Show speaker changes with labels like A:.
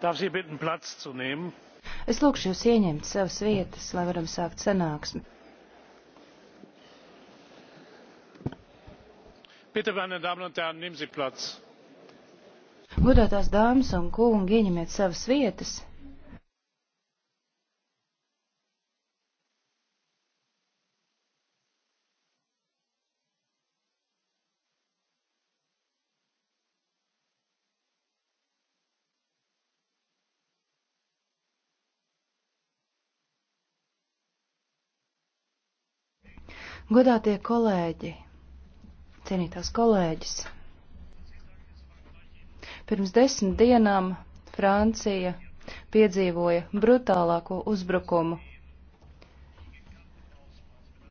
A: Darf Sie bitten, Platz zu nehmen?
B: Es lūkšu jūs ieņemt savas vietas, lai varam sākt sanāksmi.
C: Bitte, meine Damen und Herren, nehmen Sie Platz.
B: Godātās dāmas un kungi, ieņemiet savas vietas. Godātie kolēģi, cienītās kolēģis, pirms desmit dienām Francija piedzīvoja brutālāko uzbrukumu